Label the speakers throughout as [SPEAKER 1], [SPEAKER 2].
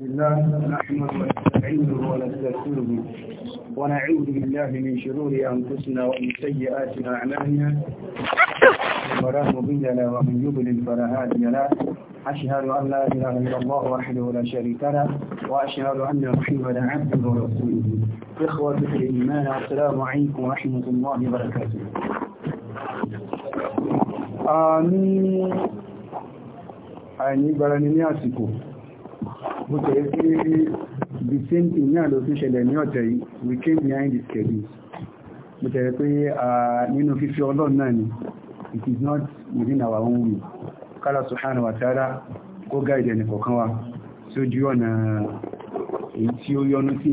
[SPEAKER 1] الله نحمد ونستعينه ونستغفره ونعوذ بالله من شرور أنفسنا ومن سيئات أعمالنا فلا مضل ومن يضلل فلا هادي له أشهد أن لا إله إلا الله وحده لا شريك له وأشهد أن محمدا عبده ورسوله في الإيمان السلام عليكم ورحمة الله وبركاته آمين أني برني ياسكو bó tẹ̀lé pé the same thing náà ló tún ṣẹlẹ̀ ní ọ̀tẹ̀ yìí we came behind the schedule bó tẹ̀lé pé nínú fífi ọlọ́run náà ni it is not within our own will kálá subhanahu wa ta'ala kó gáìdẹ̀ nìkọ̀ọ̀kan wa tí ó ju ọ̀nà èyí tí ó yọnu sí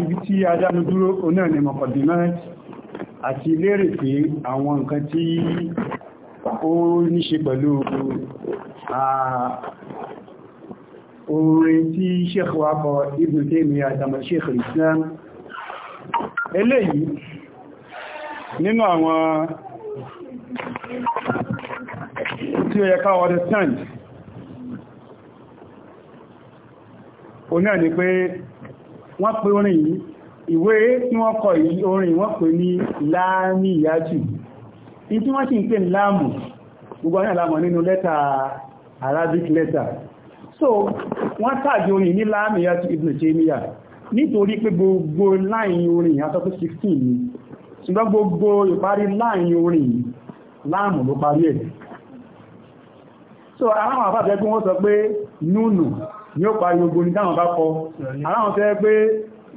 [SPEAKER 1] ibi tí adánu dúró onáà ni mọ̀kọ̀dìmáàtì àti lérè pé àwọn nǹkan tí ó ní ṣe pẹ̀lú orin tí sheikh wa kọ Ibn Taymiyyah àtàmà sheikh Islam eléyìí nínú àwọn tí ó yẹ ká understand o náà ni pé wọ́n pè orin yìí ìwé tí wọ́n kọ orin wọ́n pè ní láàmì ìyájú ìtí wọ́n sì ń pè ní láàmù gbogbo àwọn àlàmọ̀ nínú lẹ́tà Arabic letter so wọ́n tàbí orin ní láàmìyà ti Ibn Taymiyyah nítorí pé gbogbo láàrin orin àtọ́kù 16 ni ṣùgbọ́n gbogbo ìparí láàrin orin láàmù ló parí ẹ̀ so aláwọn àfáàfẹ́ pé wọ́n sọ pé núnù ni ó parí gbogbo ní táwọn bá kọ aláwọn fẹ́ pé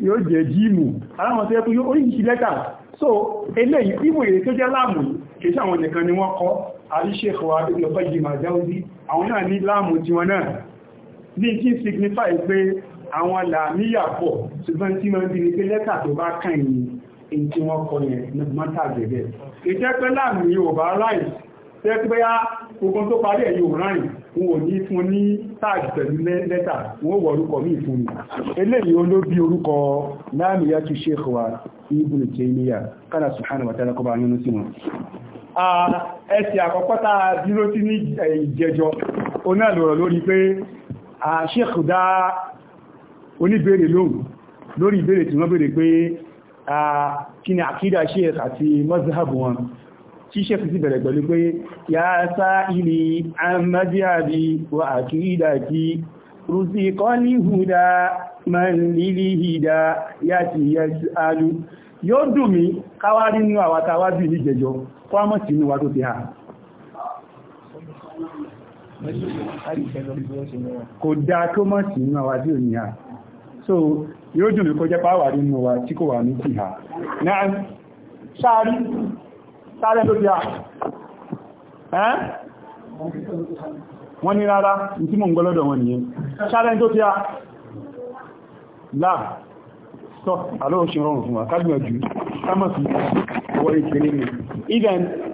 [SPEAKER 1] yóò jẹ́ jíìmù aláwọn fẹ́ pé yóò oríṣi lẹ́tà so eléyìí ìwò èrè tó jẹ́ láàmù àwọn ni wọ́n kọ náà ní láàmù tiwọn náà bí kí signify pé àwọn làmíyà pọ̀ ṣùgbọ́n tí wọ́n bí ní pé lẹ́tà tó bá kàn ní èyí tí wọ́n kọ yẹn ní mọ́tà gẹ̀gẹ̀ ìjẹ́ pé láàmì yóò bá ráì tẹ́ pé á ogun tó parí ẹ̀ yóò ráì wọn ò ní fún ní táàgì pẹ̀lú lẹ́tà wọ́n wọ orúkọ míì fún mi eléyìí olóbi orúkọ láàmì yá tu sheikh wa ibùn tèmíyà kánà subhanahu wa ta'ala kọba yọnu sí wọn ẹsẹ̀ àkọ́kọ́ tá a dúró sí ní ìjẹjọ onáà lọ̀rọ̀ lórí pé Sheikh dá oníbèèrè lóhùn lórí ìbéèrè tí wọ́n béèrè pé kí ni àkídà Sheikh àti mọ́síhábù wọn tí Sheikh sì bẹ̀rẹ̀ pẹ̀lú pé ya sa'ili amájíàbí wa àkídà kí rúsìkọ́ ní hùdá mẹ́lìlì hìdá yàtì yẹ́sàálù yóò dùn mí káwárí kò dá tó mọ̀ sí inú àwà tí ní à so yóò dùn mí kó jẹ́ pàwà nínú wa tí kò wà ní kì ha náà sáàrí sáàrí tó bí à wọ́n ní rárá tí mò ń gọ́lọ́dọ̀ wọn nìyẹn sáàrí tó bí à láà tọ́ àlọ́ òṣèrọ̀rùn fún wa kágbìyànjú kámọ̀ sí ọwọ́ ìpínlẹ̀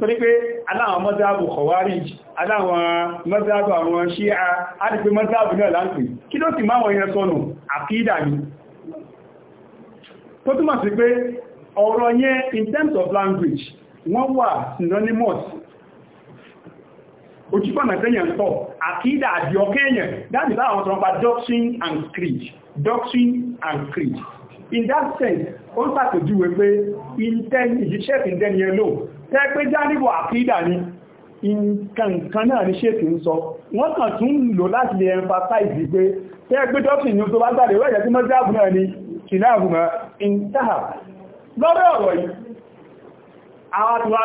[SPEAKER 1] torí pé aláwọn mọ́sáàbù khawarij aláwọn mọ́sáàbù àwọn ṣíà á ti pé mọ́sáàbù náà láǹpì kí ló sì máwọn èèyàn sọnù àkídà ni tó túnmọ̀ sí pé ọ̀rọ̀ yẹn in terms of language wọ́n wà synonymous ojúfọ́nà tẹ́yàn tọ́ àkídà àti ọkẹ́yàn dáàbì táwọn tọ́npa doctrine and creed doctrine and creed in that sense ó ń sàtòjúwe pé ìṣẹ́ ìdẹ́ni ẹlò tẹ́ pé àkídà ni nǹkan náà ní ṣètì ń sọ wọ́n kàn tún ń lò láti lè emphasize pé tẹ́ pé ní tó bá jáde wẹ́jẹ̀ tí mọ́ náà ni kìláàbù mọ́ intaha lọ́rọ̀ ọ̀rọ̀ yìí àwọn tó wá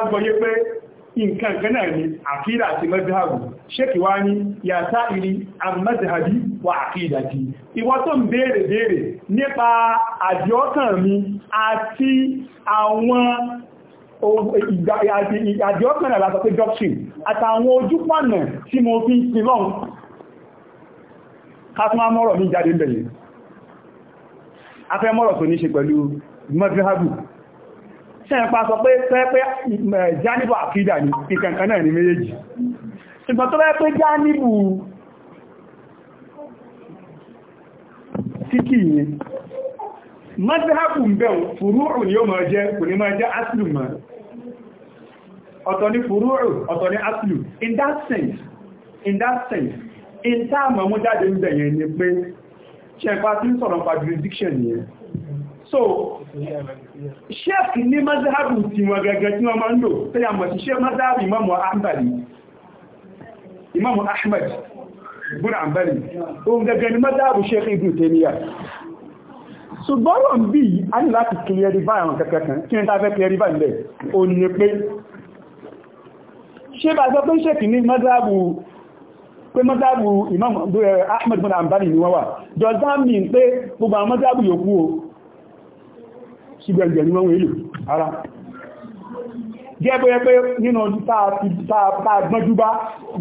[SPEAKER 1] ni àkídà àti mọ́jáàbù ṣékì wá ní yàtá ìrí àmọ́jáàbí wà àkídà ti ìwọ́n tó ń béèrè béèrè nípa àjọ́kànlẹ̀ látọ̀ pé doctrine àtàwọn ojúpọ̀nà tí mo fi ń sin lọ́n kásánmà mọ́rọ̀ ní jáde ń bẹ̀yẹ̀ afẹ́ mọ́rọ̀ tó ní ṣe pẹ̀lú mọ́dúnhábù ṣẹ́ẹ̀pá sọ pé pẹ́ẹ́pẹ́ jánibù àkídà ní ìkẹ̀kẹ́ náà ní méjèèjì ṣùgbọ́n tó pẹ́ jánibù síkì yìí mọ́síhápù ń bẹ̀rù ni ó máa jẹ́ kò ní máa jẹ́ asìlù ma ọ̀tọ̀ ni ọ̀tọ̀ in that sense in that sense in táàmù ọmọ jáde ń bẹ̀yẹn ni pé ṣẹ̀fà tí ń sọ̀rọ̀ yẹn so sheik ni mọ́síhápù tí wọ́n gẹ́gẹ́ tí wọ́n máa ń lò tó mọ̀ sí sheik Imam ṣùgbọ́rọ̀ ń bí a ní láti clarify àwọn kẹ̀kẹ́ kan kí ní ta fẹ́ clarify ń bẹ̀ o ní pé ṣe bá sọ pé ń ṣèkì ní mọ́dábù pé mọ́dábù Imam eh, Ahmad bin Hanbali ni wọ́n does that mean pé gbogbo àwọn mọ́dábù yòókù o ṣùgbẹ̀gbẹ̀ ni wọ́n wèlò ara jẹ́ bóyẹ pé nínú tààgbọ́njúbá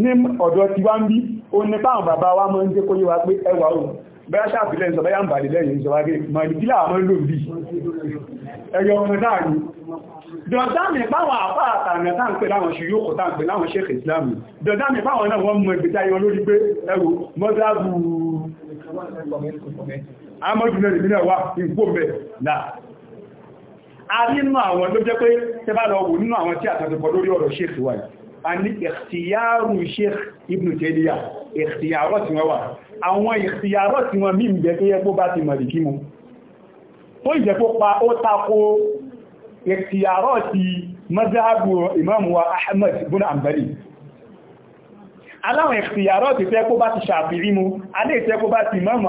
[SPEAKER 1] ní ọ̀dọ̀ tiwa ń bí o ní báwọn bàbá wa mọ́ ń jẹ́ kó yíwa pé ẹwà ohun bẹ́yà ṣàfilẹ̀ ìsọ̀bá yà ń bà nílẹ̀ yìí ìsọ̀bá gẹ́ mọ̀lìkílà àwọn olóòbí ẹ̀yọ ọmọ náà ni dọ̀dámi báwọn àpá àtàrà táǹpẹ̀ láwọn ṣe yóò kọ̀tàǹpẹ̀ láwọn ṣe ìsìlámù dọ̀dámi báwọn náà wọ́n mọ ìgbẹ̀ta yọ lórí pé ẹwù mọ́sáàbù amọ́jùlẹ̀ ìmìnà wà ìgbò mẹ́ náà a rí nínú àwọn ló jẹ́ pé tẹ́bá lọ wò àwọn ìsìyàrọ̀ tí wọ́n mí ìgbẹ́ tó yẹ kó bá ti mọ̀lìkí mu tó ìjẹ́ kó pa ó tako ìsìyàrọ̀ ti mazhabu imam wa ahmed bin ambali aláwọn ìsìyàrọ̀ ti fẹ́ kó bá ti ṣàfihì mu alẹ́ ìfẹ́ kó bá ti imam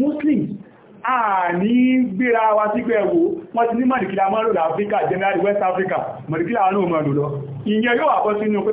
[SPEAKER 1] muslim a ní gbéra wa sí pé ẹwò wọ́n ti ní west africa mọ̀lìkílá wọn náà mọ̀ lò lọ ìyẹn yóò wà bọ́ sínú pé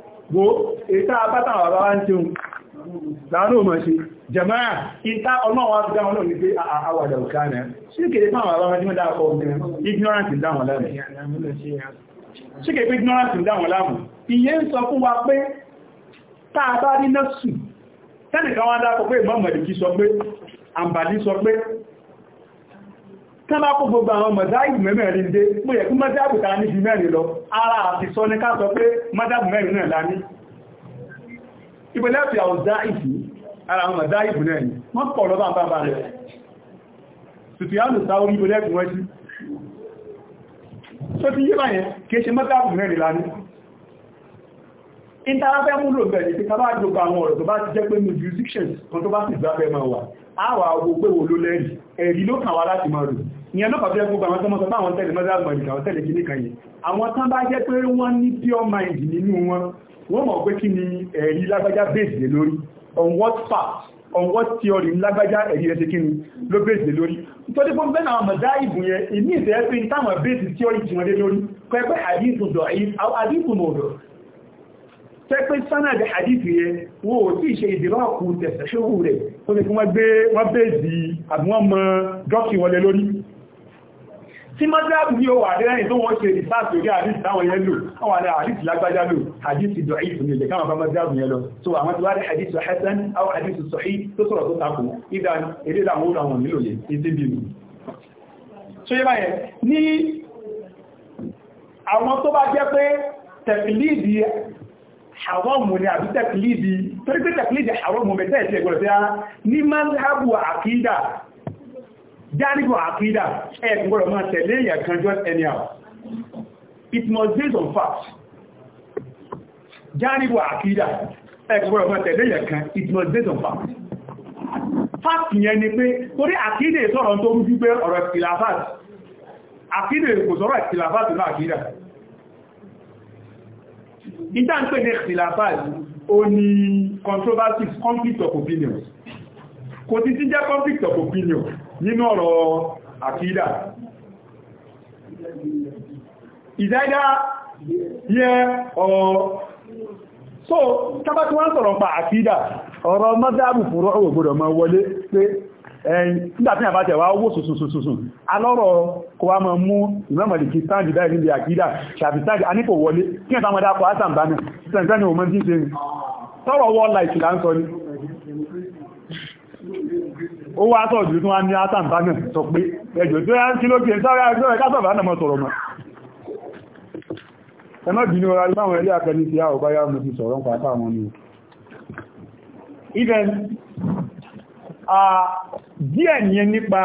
[SPEAKER 1] wo èta apáta àwọn bàbá ń tí un láàrín òmọ̀ sí jẹmáà ìta ọlọ́wọ́ dá wọn lórí pé àwàdà òkà náà sí kèrè fún àwọn bàbá tí wọ́n dákọ̀ ọmọdé ignorance dáwọn láàmù sí kèrè pé ignorance dáwọn láàmù ìyẹn ń sọ fún wa pé táà bá rí náà sùn tẹ́nìkan wọ́n dákọ̀ pé ìmọ̀ tán bá kó gbogbo àwọn mọ̀dáìbù mẹ́mẹ́rin dé mú yẹ kí mọ́dáìbù ta ní ju mẹ́rin lọ ara àti sọ ní ká sọ pé mọ́dáìbù mẹ́rin náà láni ìpínlẹ̀ fi àwọn dáìbù ara àwọn mọ̀dáìbù náà ni wọ́n pọ̀ lọ́bà bàbá rẹ̀ sùfìyànù sáwọn ìpínlẹ̀ fi wọ́n sí tó ti yí báyẹn kìí ṣe mọ́dáìbù mẹ́rin láni ìtàlábẹ́ múlò bẹ̀rẹ̀ tí kàbá àjọgbà àwọn ọ̀rọ̀ tó bá ti jẹ́ pé ní jurisdictions kan tó bá sì gbábẹ́ máa wà á wà gbogbo èwò ló lẹ́rìí ẹ̀rí ló kàn wá láti máa rò ìyẹn lọ́pàá fẹ́ gbogbo àwọn tọ́mọ́ sọ fáwọn tẹ́lẹ̀ mọ́dá àgbàríkà ọ̀tẹ́lẹ̀ kìíní kan yìí àwọn tán bá jẹ́ pé wọ́n ní pure mind nínú wọn wọ́n mọ̀ pé kí ni ẹ̀rí lágbájá base lórí on what part? on what theory lágbájá ẹ̀rí rẹ̀ ṣe kí ni ló base lé lórí nítorí pé bẹ́ẹ̀ àwọn mọ̀dá ìbùn yẹn ìní ìfẹ́ pé táwọn base theory ti wọn lé lórí pẹ́pẹ́ àdínkù mọ̀dọ̀ pẹ́pẹ́ sánàdì àdínkù yẹn wọ́n ò tí ì ṣe ìdìrọ́ọ̀kù tẹ̀sẹ̀ ṣòwò rẹ̀ ó ti fún wọn gbé wọn base àbí wọn mọ dọ́kì wọn lé lórí tí mọ́síláàbù ní owó àdẹ́rẹ́yìn tó wọ́n ṣe rìsáàtì orí àdìsì táwọn yẹn lò wọ́n wà ní àdìsì lágbájá lò àdìsì dọ̀ ìfún ilẹ̀ káwọn bá mọ́síláàbù yẹn lọ so àwọn tí wá rí àdìsì hasan àwọn àdìsì sọ̀hí tó sọ̀rọ̀ tó takò ìdá eré làwọn ó làwọn nílò yẹn ètí bí mi so yẹ báyẹn ní àwọn tó bá jẹ́ pé tẹ̀kìlìdì àwọ̀mù ni àbí tẹ̀kìlìdì torí pé tẹ̀kìlìdì àwọ̀mù mẹ́tẹ̀ẹ̀tì ẹ̀gbọ̀n Jánibọ̀ àkídà ẹ̀kùn gbọ́dọ̀ máa tẹ̀lé èyàn kan jọ anyhow. It must be on facts. Jánibọ̀ àkídà ẹ̀kùn gbọ́dọ̀ máa tẹ̀lé èyàn kan, it must be on facts. Fact yẹn ni pé, torí àkídà sọ̀rọ̀ tó rú gbígbé ọ̀rọ̀ ìkìlàfàt. Àkídà kò sọ̀rọ̀ ìkìlàfàt náà àkídà. Ìdá ń pè ní ìkìlàfàt, of opinions kò ti ti jẹ́ conflict of opinion nínú ọ̀rọ̀ àkídà is either here or so tábà tí wọ́n sọ̀rọ̀ pa àkídà ọ̀rọ̀ mọ́dáàbù fúrọ́ òwò gbọ́dọ̀ máa wọlé pé ẹ̀yìn nígbàtí àbájẹ̀ wá owó sùsùsùsùsùn alọ́rọ̀ kò wá mọ̀ mú ìmọ̀mọ̀lìkì sáàdì báyìí níbi àkídà ṣàbìsáàdì anípò wọlé kí ẹ̀ta mọ́dá kọ àtàmbánà tẹ́ntẹ́ni òmọ́ jíṣẹ́ tọ́rọ̀ wọ́n láìkì láńsọ ní ó wá sọ̀jú tí wọ́n ní átàǹtà náà sọ pé ẹjọ́ tó yá kí ló kí sáré ẹgbẹ́ kásọ̀bá náà mọ́ sọ̀rọ̀ mọ́ ẹmọ́ jù ní ọ̀rọ̀ aláwọn akẹni tí a ò bá yá mú ti sọ̀rọ̀ pàápàá wọn even nipa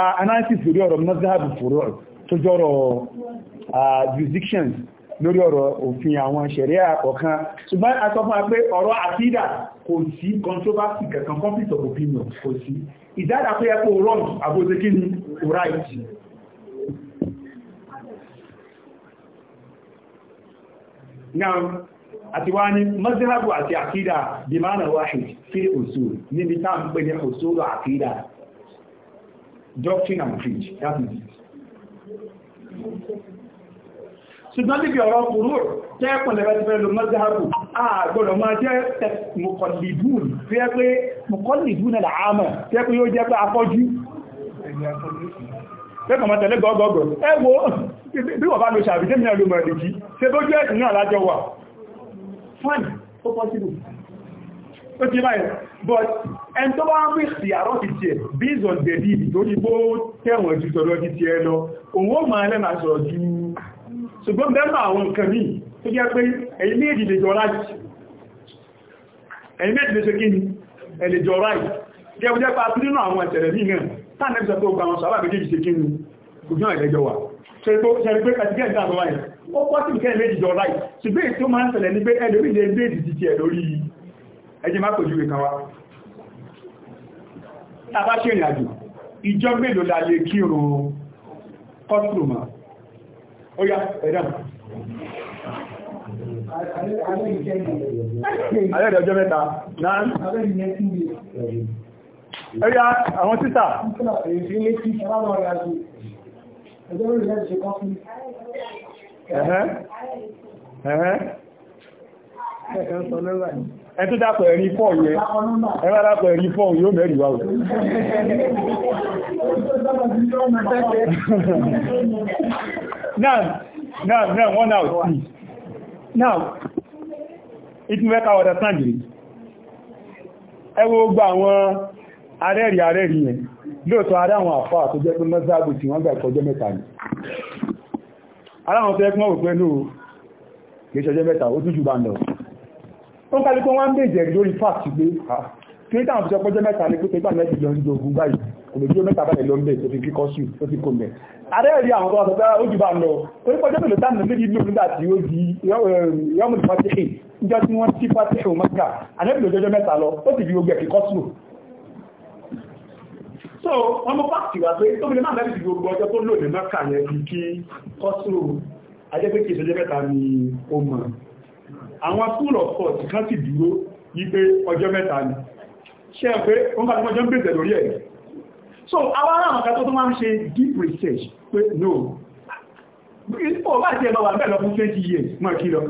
[SPEAKER 1] lórí ọ̀rọ̀ òfin àwọn ṣẹ̀ríà ọ̀kan ṣùgbọ́n a sọ fún wa pé ọ̀rọ̀ àfídà kò sí controversy kankan conflict of opinion kò sí ìdára pé ẹkọ́ wrong àbóse kí ni right now àti wá ní mazhabu àti àfídà bí máa nà wáhid fílì usul níbi táà ń pè ní usul àfídà doctrine and creed that is it ṣùgbọ́n níbi ọ̀rọ̀ kúrú jẹ́ pọ̀lẹ̀bẹ̀ ti fẹ́ lọ mọ́sáàbù àgbọ̀rọ̀ máa jẹ́ mọ̀kànlìbùn tí ẹ pé mọ̀kànlìbùn náà àmà tí ẹ pé yóò jẹ́ pé afọ́jú lẹ́kọ̀ọ́ máa tẹ̀lé gọ́gọ́gọ́ ẹ wo bí wọ́n bá lo ṣàbí jẹ́ mìíràn ló mọ̀ ẹ̀dìkí ṣe tó jẹ́ ìsìn náà lájọ wà fún ó pọ́sílù ó ti báyìí but ẹn tó bá ń rí sí àrọ́ ti tiẹ̀ bí ìzọ̀dẹ̀dì ìdí tó ti bó tẹ̀wọ̀n ju sọ̀rọ̀ ti tiẹ̀ lọ òun ó máa lẹ́nà sọ̀rọ̀ ju ṣùgbọ́n bẹ́mà àwọn nǹkan ní tó jẹ́ pé ẹ̀yìn méjì lè jọ ráì ẹ̀yìn méjì lè ṣe kí ni ẹ̀lè jọ ráì jẹ́ ọjọ́ pa tí nínú àwọn ẹ̀tẹ̀rẹ̀ ní náà tánàbí sọ pé ogun àwọn sọ́bà méjì ṣe kí ni ogun ẹ̀lẹ́jọ wà ṣe pé kàtíkẹ́ ìdáàbò wáyé ó pọ́ sí ìkẹ́ méjì jọ ráì ṣùgbé tó máa ń tẹ̀lẹ̀ ní pé ẹlòmí lè méjì ti tiẹ̀ lórí ẹjẹ́ má pèjú ìkan wa tàbá ṣe ìrìn àjò ìjọ mélòó la lè kírun kọ́tùrùmọ̀ ó yá ẹ̀dá mi. Ayẹ́dẹ̀ ọjọ́ mẹ́ta náà. Ó yá àwọn títà. Ẹ̀hẹ́. Ẹ̀hẹ́ ẹ̀tú dápọ̀ ẹ̀rí fọ́ yẹ ẹ̀rá dápọ̀ ẹ̀rí fọ́ yóò mẹ́rin wá òun Now, now, now, one out, please. Now, it will make our understanding. Ẹ wo gba àwọn arẹ́rì arẹ́rì yẹn, lóòtọ́ ará àwọn àfá tó jẹ́ pé mọ́sáàbù tí wọ́n gbà ìkọjọ́ mẹ́ta ni. Ará àwọn fẹ́ pọ́n òpin ló kèṣọjọ́ mẹ́ta, ó túnjú bá ń lọ. Ó ń kálí pé wọ́n ń bèèrè lórí fàtí pé, kí ní táwọn fi sọ pọ́jọ́ mẹ́ta ní pé pẹ́gbà mẹ́ta lọ sí ogun báyìí òmìnir mẹ́ta báyìí lọ ń bẹ̀ tó fi kíkọ́ sí tó fi kò mẹ́ arẹ́rí àwọn tó wà sọ́tọ́ ó jù bá ń lọ torí pọ́jọ́ pẹ̀lú táàmì níbi ìlú nígbà tí ó di yọ́mù eh, fatihi níjọ́ tí wọ́n ti fatihi mẹ́ta arẹ́bìlò jọjọ́ mẹ́ta lọ ó sì fi gbogbo ẹ̀ kíkọ́ sí so wọ́n mú pàtì wá pé tóbi náà lẹ́bi gbogbo ọjọ́ tó lò ní mẹ́ka yẹn fi kí kọ́sùrù ajẹ́pẹ́ kí ìṣẹ́jẹ́ mẹ́ta ni ó mọ̀ àwọn school of thought kan sì dúró yí pé ọjọ́ mẹ́ta ni ṣé ẹ pé wọ́n bá ti mọ́jọ́ ń bèèrè lórí ẹ̀ so àwọn ará àwọn kàtọ́ tó máa ń ṣe deep research pé no ipò bá ti ẹgbà wà bẹ́ẹ̀ lọ fún 20 years mọ́ kí lọ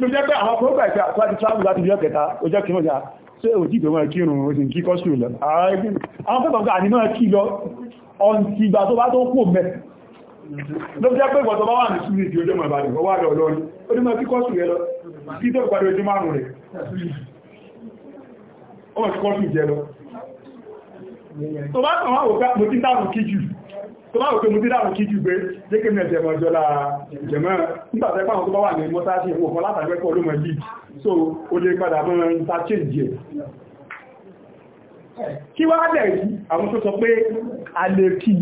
[SPEAKER 1] ló jẹ́ pé àwọn program ìfẹ́ àti travel láti ilé ọ̀kẹta ọjọ́ kí mọ́já ṣé ò tí ìgbẹ̀wọ̀n kírun ó sì ń kíkọ́ sí ìlọ àwọn pẹ́pọ̀ gbà ní máa kí lọ ọ̀ntì ìgbà tó bá tó kò mẹ́ ló jẹ́ pé gbọ́tọ̀ bá wà ní sílẹ̀ ìdí ojúmọ̀ ìbàdàn ọwọ́ àdọ̀ ọlọ́rin ó ní máa kíkọ́ sí rẹ lọ kí tó gbàdọ̀ ojú márùn-ún rẹ̀ ó mọ̀ kíkọ́ sí ìjẹ lọ tó bá tàn wọ́n wò pé mo ti dáàmù kí jù tó bá wò pé mo ti dáàmù kí jù pé jẹ́kẹ́ mẹ́ jẹmọ̀ jọla jẹmọ̀ nígbàtẹ́ pàwọn tó bá wà ní mọ́sáṣí ìwò kan látàgbẹ́kọ́ olómọ yìí so o lè padà mọ́ interchange ẹ̀ kí wá dẹ̀ yìí àwọn tó sọ pé a lè kí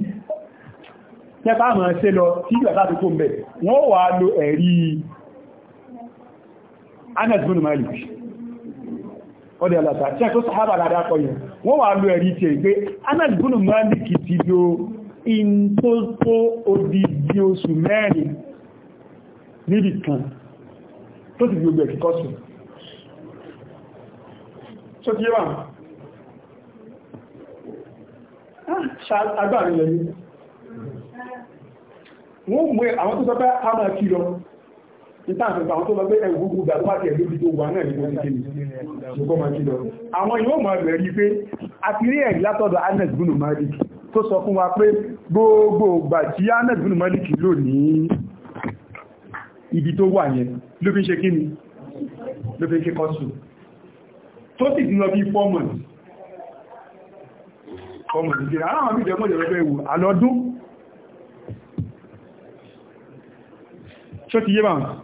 [SPEAKER 1] tẹ́bá mọ̀ ṣe lọ tí ìgbà láti kó mẹ́ wọ́n wà lo ẹ̀rí Anas bin Malik ọdẹ̀ alata tí a tó sàhábà ládá wọ́n wà lọ ẹ̀rí tí pé anájúgbónù mọ́líkì ti lo in tó tó odidi oṣù mẹ́rin níbi kan tó ti gbogbo ẹ̀kíkọ́ sùn tó kí wà ah, agbáàrin lẹ́yìn wọ́n mú àwọn tó sọ pé a máa kí lọ ìtàǹfẹ̀fẹ̀ àwọn tó lọ pé ẹ̀rù gúgú gbà tó bá tẹ̀ lórí tó wà náà nígbà tí nìkan máa kí lọ àwọn yóò máa rẹ̀ rí pé a ti rí ẹ̀rí látọ̀dọ̀ Anas bin Malik tó sọ fún wa pé gbogbo ìgbà tí Anas bin Malik lò ibi tó wà yẹn ló fi ń ṣe kíni ló fi ń ṣe kọ́sù tó sì ti lọ bí fọ́mọ̀n fọ́mọ̀n ìgbìyàn àwọn àmì ìjọmọ́ ìjọba ìwò alọ́dún tó ti yé bàmù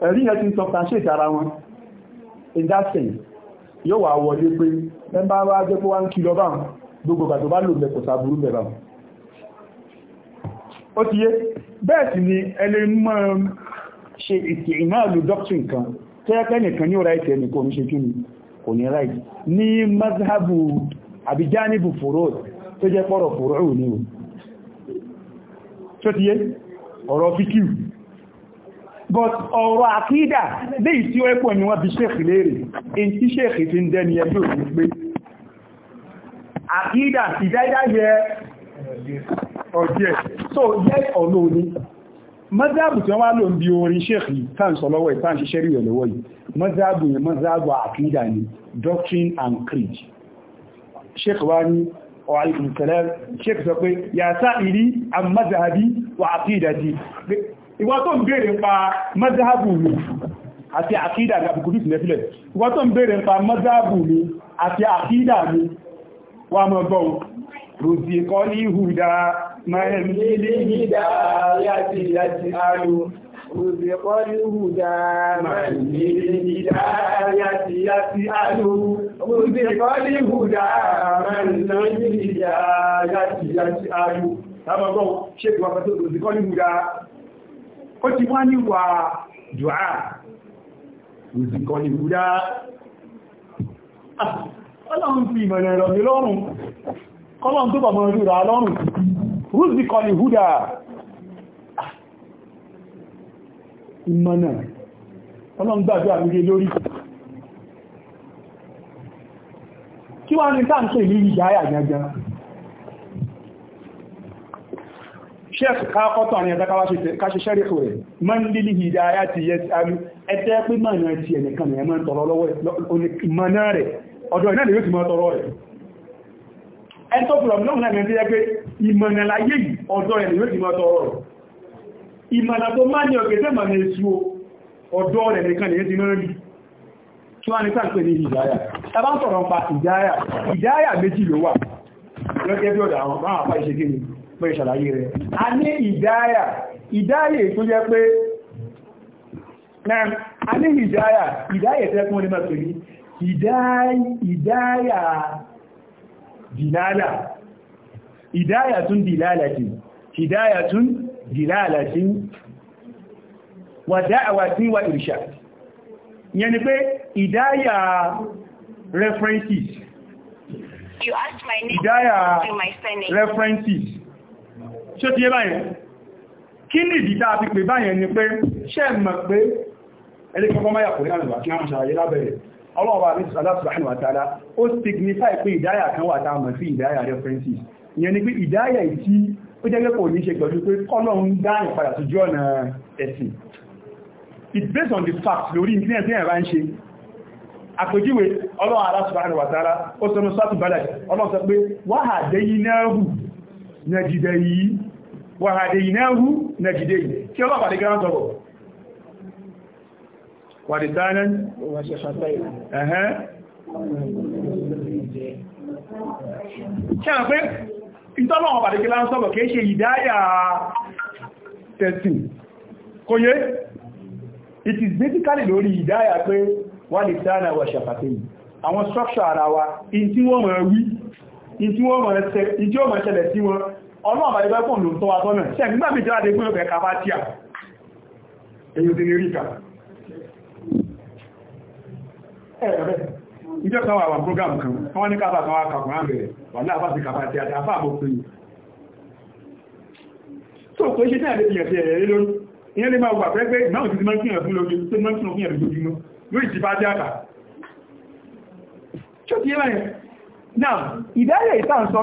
[SPEAKER 1] ẹ̀rí yẹn ti sọpá ṣe wọn in that sense yóò wà wọlé pé mẹ́bá wá jẹ́ pé wá ń kí lọ báwọn gbogbo gbàtọ̀ bá lò mẹ́kọ̀ sàbúrú mẹ́bà ó ti yé bẹ́ẹ̀ sì ni ẹlẹ́ mọ́ ṣe ìtì ìmáàlù doctrine kan tẹ́ẹ̀kẹ́ nìkan ní ó ráìtì ẹni kò ní ṣe kí ni kò ní ráìtì ní mazhabu àbíjánibù fòrò tó jẹ́ pọ̀rọ̀ fòrò ò ní o tó ti yé but ọ̀rọ̀ àkídà léyìí tí ó ẹ́pọ̀ ni wọ́n bí ṣèkì léèrè in tí ṣèkì ti ń dẹni ẹgbẹ́ òun pé àkídà ìdájá yẹ ọ̀dẹ́ so yes or no ni mọ́záàbù tí wọ́n wá lò ń bí orin ṣèkì tàǹsọ̀ lọ́wọ́ ìtàǹṣiṣẹ́ rí ọ̀lọ́wọ́ yìí mọ́záàbù doctrine and creed ṣèkì wá ní ọ̀hálìkùnkẹ̀lẹ́ ṣèkì sọ pé yàtá ìrí àmọ́záàbí wà àkídà ìwọ́n tó ń bèèrè ń pa mọ́dáàbù mi àti àkídà ní àbùkù fífì lẹ́fílẹ̀ ìwọ́n tó ń bèèrè ń pa mọ́dáàbù mi àti àkídà mi wà mọ́ gbọ́n rùsì kọ́ ní ìhùdá Tábàgbọ́n ṣe ìwàfẹ́ tó lòsìkọ́ ní ìhùdá ó ti wá ní wà dùá òsìkọ́ ní wúdá ah, ọlọ́run fi ìmọ̀lẹ̀ ẹ̀rọ mi lọ́rùn kọ́lọ́run tó bàmọ́ rírà lọ́rùn òsìkọ́ ní wúdá ìmọ̀nà ọlọ́run gbàgbé àmìrí lórí kí wá ní táǹkì ìlú ìyá àjàjá sheikh kakọ́tọ̀ ní ẹ̀dá káṣe ṣẹ́ríkò rẹ̀ ma ń lílì hidaya ti yẹ ti alú ẹ̀tẹ́ pé ma náà ti ẹ̀nìkan rẹ̀ ma ń tọrọ lọ́wọ́ ìmọ̀ná rẹ̀ ọ̀dọ̀ ìnáà yóò ti ma tọrọ rẹ̀ ẹ̀tọ́ pùlọ̀mùlọ́mù náà ti yẹ pé ìmọ̀nà láyé yìí ọ̀dọ̀ ẹ̀ yóò ti ma tọrọ rẹ̀ ìmọ̀nà tó má ní ọ̀gẹ̀ lè mọ́ rí tí wọ́n ní sáàpẹ́ ní ìdáyà tàbá pé ìṣàlàyé rẹ̀ a ní ìdáyà ìdáyà tó jẹ́ pé a ní ìdáyà ìdáyà tẹ́kún ní mẹ́sìrí ìdáyà dìlálà ìdáyà tún dìlálà tí ìdáyà tún dìlálà tí wà dáàwà tí wà ìrìṣà yẹn ni pé ìdáyà references
[SPEAKER 2] You asked my name to my surname. References
[SPEAKER 1] ṣó ti yé báyẹn kí ní ìdíta fi pè báyẹn ni pé ṣe mọ̀ pé ẹni kọ́kọ́ máyà kò nígbà kí wọ́n ṣàlàyé lábẹ̀rẹ̀ ọlọ́ọ̀bà ní subhanahu wa ta'ala ó signify pé ìdáyà kan wà ni pé ìdáyà ìtí ó jẹ́ pẹ́kọ̀ ní ṣe pẹ̀lú pé kọ́lọ̀un dáyà it's based on the facts lórí ìpínlẹ̀ tí ẹ̀rọ ń ṣe àpèjúwe ọlọ́ọ̀bà subhanahu wa ta'ala ó sọ ní sọ́tù balẹ̀ ọlọ́ọ̀ sọ pé wáhà dẹ́yìn náà hù nàjìdẹ̀ yìí wàhàdè ìnáhù nàìjíríà tí ọlọ́pàá dé gẹ́rán sọ́rọ̀ wàdìtánán ẹ̀hẹ́n kí a pé ìtọ́lọ̀ ọ̀pàá dé gẹ́rán sọ́rọ̀ kìí ṣe ìdáyà testing kò it is basically lórí ìdáyà pé wàdìtánà wà ṣàfàtẹ́yìn àwọn structure ara wa in tí wọ́n mọ̀ wí in tí wọ́n mọ̀ ṣẹlẹ̀ sí wọn ọlọ́run bá dẹgbẹ́ fún lòótọ́ wa tọ́nà ṣe nígbà bí jáde pé ọkẹ̀ ká bá tí à èyí ti ní rí ìkà ẹ̀rẹ́ ìjọ́ kan wà program kan wọ́n ní kábà kan wá kàkùnrán bẹ̀rẹ̀ wà ní àfáàsì kàbà tí àti àfáà mọ́ pé tó kò ṣe náà lè fi ẹ̀fẹ́ ẹ̀rẹ́ lórí ìyẹn lè máa gbà pé pé ìmáà ti ti máa ń kíyàn fún lórí tó máa ń kíyàn fún ẹ̀rẹ́ lójúmọ́ lórí ti bá dé àkà ṣó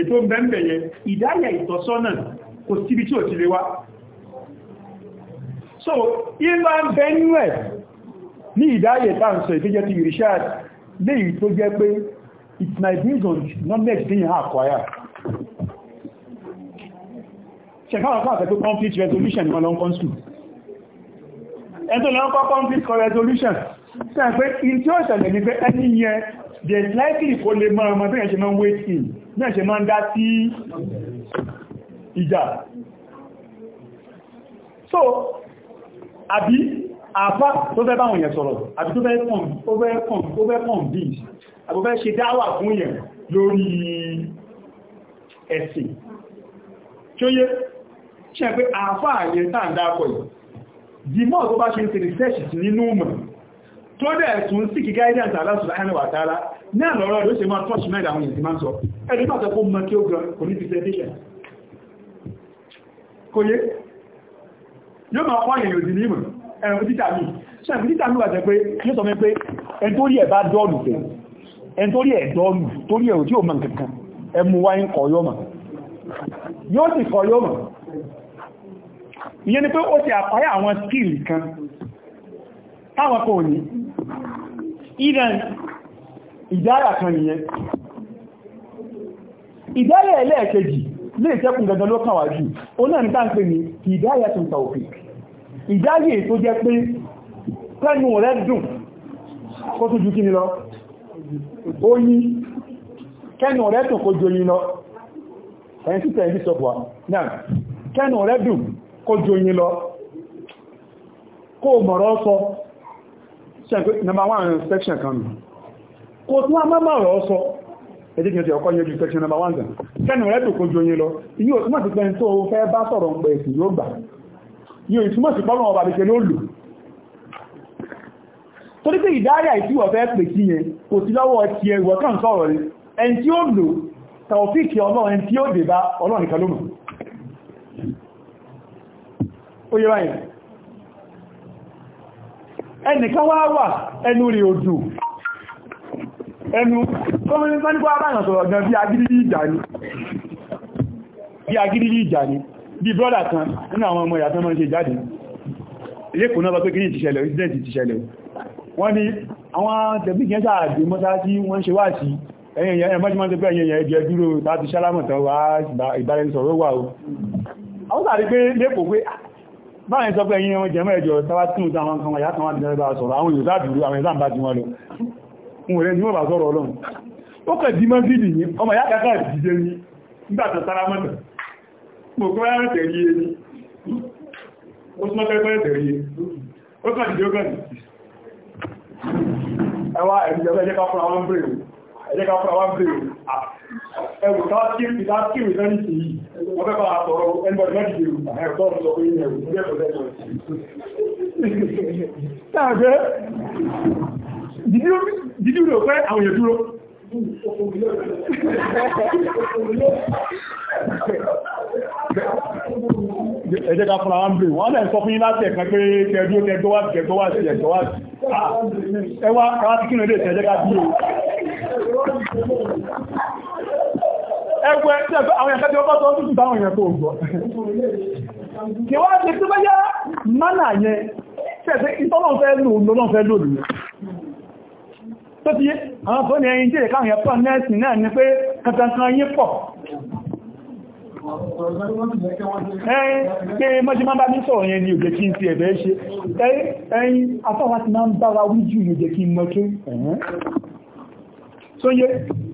[SPEAKER 1] ètò bẹ́ẹ̀bẹ̀yẹ ìdáyà ìtọ́sọ́nà kò síbi tí ò ti lè wá so ìmá bẹ́ẹ̀núẹ̀ ní ìdáyà ìtànsọ̀ ìtẹ́jẹ́ ti Irishad léyìí tó jẹ́ pé it's my based on knowledge being acquired ṣẹ̀káwà fún àfẹ́ tó conflict resolution wọn lọ́nkọ́ school ẹ̀ tó lọ́nkọ́ conflict resolution sẹ́ẹ̀ pé in tí ó ṣẹlẹ̀ ní pé ẹni yẹn there's likely kó lè mọ́ ọmọ bí ẹ̀ ṣe mọ́ wait in náà ṣe máa ń dá sí ìjà so àbí àfá tó fẹ́ báwọn èèyàn sọ̀rọ̀ àbí tó fẹ́ kàn bí àbí fẹ́ ṣe dáwà fún èèyàn lórí ẹ̀sìn tí ó yé ṣe pé àfá àyẹ̀ tàà dákọ̀ yìí dìmọ́ tó bá ṣe ń ṣe research nínú mọ̀ tó dẹ̀ tún sí kí guidance Allah subhanahu wa ta'ala náà lọ́rọ̀ ló ṣe máa touch mẹ́rin àwọn èsì máa ń sọ ẹni pàtàkì kó mọ́ kí ó gan kò ní presentation kò yé yóò máa kọ́ èèyàn òdì ní ìmọ̀ ẹ̀rọ títà ni pé ó ti àkọ́yà àwọn skill kan táwọn kò ìdán ìdáyà kan nìyẹn ìdáyà ẹlẹ́ẹ̀kejì lè tẹ́kùn gangan ló kàn wá náà ní ń pè ní ìdáyà tó ń òfin ìdáyà tó jẹ́ pé pẹ́nu rẹ̀ dùn kó tó ju kí ni lọ oyin kẹ́nu rẹ̀ dùn kó ju oyin lọ ẹ̀yìn sí tẹ̀yìn bíṣọ̀pù náà kẹ́nu rẹ̀ dùn kó ju oyin number one section kan kò tún amábàrọ̀ sọ ẹdíkì ọjọ́ ọkọ̀ yẹjú section number one gan kẹ́nu rẹ̀ tó kó jọ yín lọ iye òtúmọ̀ sí pẹ́ni tó fẹ́ bá sọ̀rọ̀ ń pẹ̀ sí yóò gbà iye òtúmọ̀ sí pọ́lọ̀ ọba àdìkẹ́ ló lò torí pé ìdárí àìsí ọ̀fẹ́ pè sí yẹn kò sí lọ́wọ́ ti ẹrù ọ̀kan sọ̀rọ̀ ni ẹni tí ó lò tàwọ̀fíìkì ọlọ́run ẹni tí ó dè bá ọlọ́run nìkan ló mọ̀ ó yẹ báyìí ẹnìkan wá wà ẹnu rẹ̀ òjò ẹnu kọmọlẹ́sán ní kọ́ àbáyàn sọ̀rọ̀ gan bí agídílì ìjà ni bí agídílì ìjà ni bí brọ́dà kan nínú àwọn ọmọ ìyàtọ́ mọ́ṣe jáde lẹ́kùn náà bá pé kìí ìtìṣẹ̀lẹ̀ ìdíẹ̀tì ìtìṣẹ̀lẹ̀ wọ́n ni àwọn tẹ̀bí kẹta àti mọ́sáàtí wọ́n ṣe wá sí ẹ̀yẹn ẹ̀mọ́ṣímọ́ṣe pé ẹ̀yẹn ẹ̀jẹ̀ dúró láti sálámọ̀tọ̀ báyìí sọ pé yíyan wọn jẹ́mọ́ ẹjọ́ tàbá tí ó dá wọn kan wà yàtọ̀ wọn jẹ́ bá sọ̀rọ̀ àwọn yóò dáàdùrú àwọn ìlànà bá jí wọn lọ ohun rẹ̀ ni wọ́n bá sọ̀rọ̀ ọlọ́run ó kẹ̀ dí mọ́sílì ní ọmọ yàkàkà ìdíje ní nígbàtà sára mọ́tà mo kọ́ ẹwù táàkìrì táàkìrì lẹ́yìn sí yìí wọ́n fẹ́ bá àtọ̀rọ̀ ẹnbọ̀dì mẹ́jì èrò ẹ̀rọ sọ pé ní ẹ̀rù ní ẹ̀rọ lẹ́jọ́ Tàbẹ́, dìdí rò pé àwọn èèyàn dúró. Ẹjẹ́ ká fúnra wọ́n bèèrè, wọ́n lẹ́ sọ fún yín láti ẹ̀kan pé kẹjọ́ kẹjọ́ wá kẹjọ́ wá sí ẹjọ́ wá sí. Ẹwà, káwàá kí ní ilé ìtẹ́jẹ́ ká dúró ẹgbẹ́ àwọn ẹ̀kẹ́ tí ó bá tọ́ sí ìtàwọn èèyàn tó gbọ́ kí wá ṣe tí bẹ́yà mánà yẹn tẹ́ẹ̀sẹ́ ìtọ́lọ́fẹ́ lò lọ́lọ́fẹ́ lò lò tó ti àwọn tó ní ẹyin jẹ́ káwọn ẹ̀pọ̀ nẹ́ẹ̀sì náà ni pé kankankan yí pọ̀ ẹ̀yìn pé mọ́jí máa bá ní sọ̀rọ̀ yẹn ni òjẹ́ kí n ti ẹ̀bẹ̀ ṣe ẹ̀yìn afọ́wà ti máa ń bára wíjù òjẹ́ kí n mọ́ tó ẹ̀yìn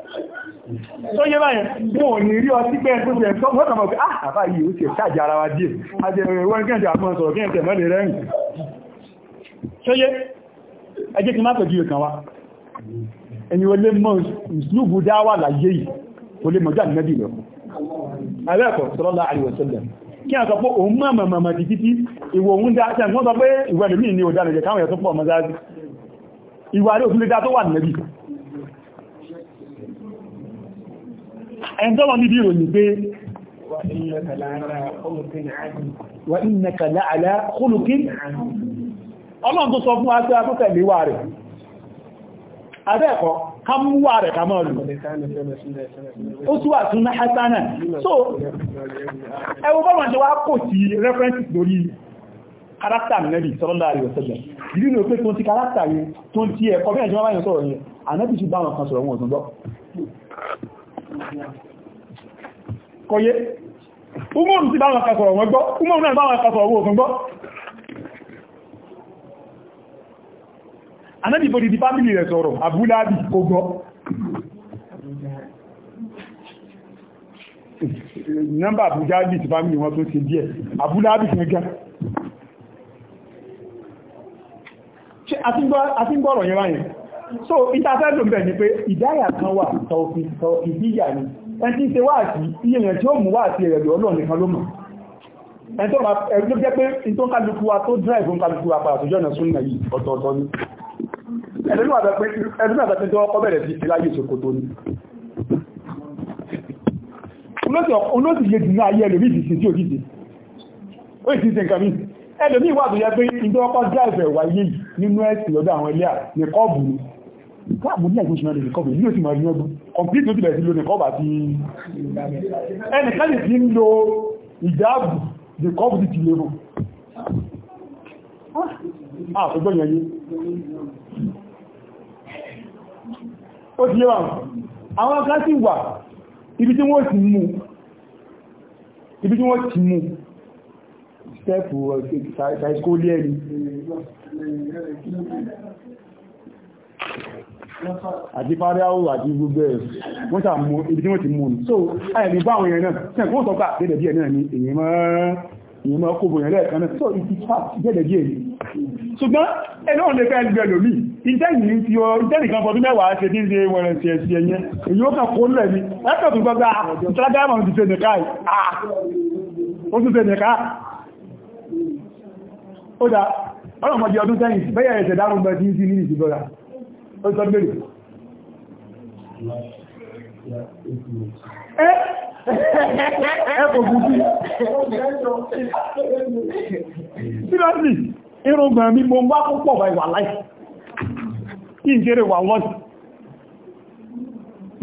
[SPEAKER 1] tó yé báyẹn wọn ò ní rí ọtí pé ẹ̀kọ́ jẹ́ wọ́n kàn mọ̀ pé ah àbá yìí ó ti ṣáàjì ara wa díẹ̀ ajẹ́rẹ̀ wọ́n kẹ́ǹtẹ̀ àmọ́ sọ̀rọ̀ kẹ́ǹtẹ̀ mọ́lẹ̀ rẹ́rìn tó yé ẹjẹ́ ti má pẹ̀jú ìkan wa ẹni olè mọ́ ìsúlùbù dáwà láyé yìí olè mọ́ jáde nẹ́bì lọ alẹ́kọ̀ọ́ sọ́lọ́lá àríwọ̀sọ́lẹ̀ kí a sọ pé òun mọ́ mọ̀ mọ̀ ti títí ìwò òun dá ṣe àwọn sọ pé ìwẹ̀lùmí ni ò dánilẹ̀ káwọn ẹ̀ tó pọ̀ mọ́ sáájú ìwà rí òfin lè dá tó wà nẹ́bì ẹni tọ́lọ níbi ìròyìn pé wà innaka la'ala khuluqin ọlọ́run tó sọ fún aṣẹ́ akọ́tẹ̀lé wà rẹ̀ adẹ́ẹ̀kọ́ ká mú wà rẹ̀ ká mọ́rin ó túwà tún náà hasana so ẹwọ bọ́mọ̀ ṣe wá kò sí references lórí karakta nẹ́bì sallallahu alaihi wasallam kọyé umaru ti báwọn akásọ̀rọ̀ wọn gbọ́ umaru náà báwọn akásọ̀rọ̀ owó òfin gbọ́ anábì bó di di fámílì rẹ̀ sọ̀rọ̀ abúláàbì kò gbọ́ nọ́mbà abúláàbì ti fámílì wọn tó ti díẹ̀ abúláàbì fún gẹ́ àti gbọ́rọ̀ yẹn báyìí so ìtafẹ́lù bẹ̀ ni pé ìdáyà kan wà tọ̀ ìdíyà ni ẹn tí ṣe wáàtí iye yẹn tí ó mú wáàtí rẹ̀ lọ́nà nìkan ló mọ̀ ẹn tó bá ẹgbẹ́ jẹ́ pé in tó ń kálukú wa tó drive ń kálukú wa pàtó jọ́nà súnnà yìí ọ̀tọ̀ọ̀tọ̀ ni ẹ̀lẹ́nu àbẹ̀pẹ́ tó ọkọ̀ bẹ̀rẹ̀ sí láyé ìṣòkòtò ni olóòsì yé dìnnà ayé ẹlòmí ìsìsì tí òjìdì ó ìsìsì nǹkan mi ẹlòmí ìwà tó yẹ pé ìjọ ọkọ̀ drive ẹ̀wà yìí nínú ẹ̀sìn lọ́dọ̀ àwọn ẹlẹ́à ní kọ́ọ̀bù ni káàmù ní ẹ̀gbọ́n ṣìnà lè kọ́bù ní òsì máa ọdún complete ló ti bẹ̀rẹ̀ lónìí kọ́bà tí ẹnìkanì tí ń lo ìjáàbù the kọ́bù ti ti lérò àtọ́gbọ́n yẹn yé ó
[SPEAKER 2] ẹni
[SPEAKER 1] àti fáríáwò àti gbogbo ẹ̀ wọ́n sà mú ibi tí wọ́n ti mú ní so àìní bá àwọn èèyàn náà tẹ́ wọ́n sọ pé àgbẹ̀dẹ̀ díẹ̀ náà ni èèyàn mọ́ èèyàn mọ́ kó bòyàn lẹ́ẹ̀kan náà so ìfi jẹ́dẹ̀ díẹ̀ ni ṣùgbọ́n ẹni òun lè fẹ́ gbẹ lómi ìtẹ́yìn ti ọ ìtẹ́yìn kan fọdún mẹ́wàá ṣe tí ń ṣe wẹ̀rẹ̀ ṣe ẹ̀ṣẹ̀ ẹ̀yẹ èyí ó kàn kó lẹ̀ ni ẹ̀kọ́ tó gbọ́gbà ìtàlágámọ̀ ti ṣe nìka ah, ó tún ṣe nìka ó dá ọlọ́mọdé ọdún sẹ́yìn bẹ́yẹ̀ ẹ̀ṣẹ̀ dárúgbẹ́ tí ń sí ní ìsìnkọ́ra ó sọ bẹ́ẹ̀
[SPEAKER 2] ẹ kò gùn sí
[SPEAKER 1] sílọ́sì irúgbà mi mo wá púpọ̀ wà ìwà láì kí n kéré wà wọ́n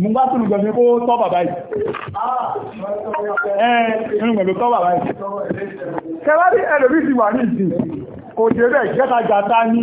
[SPEAKER 1] mo wá tún gbẹ̀mí kó tọ́ bàbá yìí ẹ irúgbà mi tọ́ bàbá yìí kẹwàá ní ẹlòmí ti wà ní ìsìn kò jẹ́ bẹ́ẹ̀ jẹ́ta jàta ní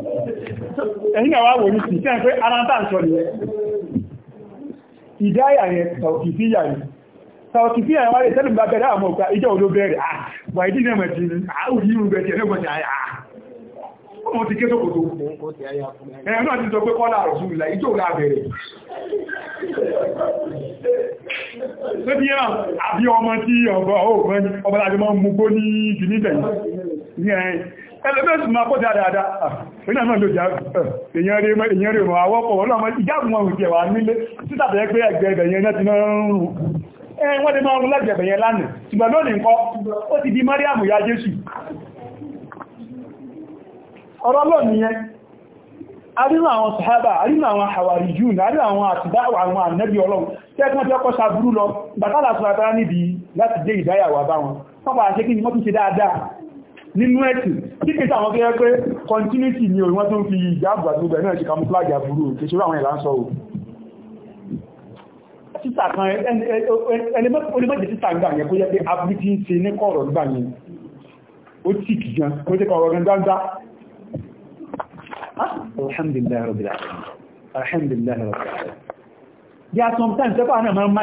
[SPEAKER 1] ẹ̀yìn àwọn àwòrí sí tẹ́ pé ara ń tàn sọ ni ìdáyà yẹn tàùkìfíyà yìí tàùkìfíyà yẹn wá lè tẹ́lù bá bẹ̀rẹ̀ àwọn òkà ìjọ òdó bẹ̀rẹ̀ ah, wà ìdí náà mẹ́tì àwòrí irú bẹ̀rẹ̀ lẹ́gbọ̀n ah, ọmọ ti késo kòtò ẹ̀rọ náà ti sọ pé kọ́lá àrùsù ìlà ìjọ òlà bẹ̀rẹ̀
[SPEAKER 2] tó bí ẹ̀rọ àbí
[SPEAKER 1] ọmọ tí ọgbọ̀ ọgbọ̀ ọgbọ̀lájọmọ́ mú gbó ní ìdí nígbẹ̀yìn ẹlẹ́mẹ́sì máa kó dáadáa iná náà ló ìyẹn rí mọ̀ àwọ́pọ̀ ọlọ́mọ ìjáàbùn ọ̀rùn jẹ̀wà nílé títàbẹ̀ pé ẹgbẹ̀ ẹ̀yẹn náà ti náà rùn wọ́n ti máa rùn lẹ́gbẹ̀ẹ̀ yẹn lánàá ṣùgbọ́n lónìí nǹkan ó ti di Mariam ya Jésù ọ̀rọ̀ lónìí yẹn arínú àwọn sàhábà arínú àwọn àwàrí jùn arínú àwọn àtìdá àwọn ànẹ́bí ọlọ́run tẹ́gbọ́n tẹ́kọ́ sàbúrú lọ bàtàlà sọ́ra níbi láti dé ìdáyàwó àbáwọn wọ́n pàá ṣe kí ni mọ́ tún ṣe dáadáa nínú ẹ̀sìn tí kìí sàwọn fẹ́ pé continuity ni òun wọ́n tó ń fi ìjáàbù àtúgbẹ̀ náà ṣe camouflage àbúrú kèṣòrò àwọn ìlànsọ o títà kan onímọ̀jẹ̀ títà ń gbà yẹn kó jẹ́ pé abúlítí ń ṣe ní kọ̀rọ̀ gbà yẹn ó tì kì gan kó jẹ́ kọ̀rọ̀ gan gbáńgbá ah, alhamdulillah rabbil alamin alhamdulillah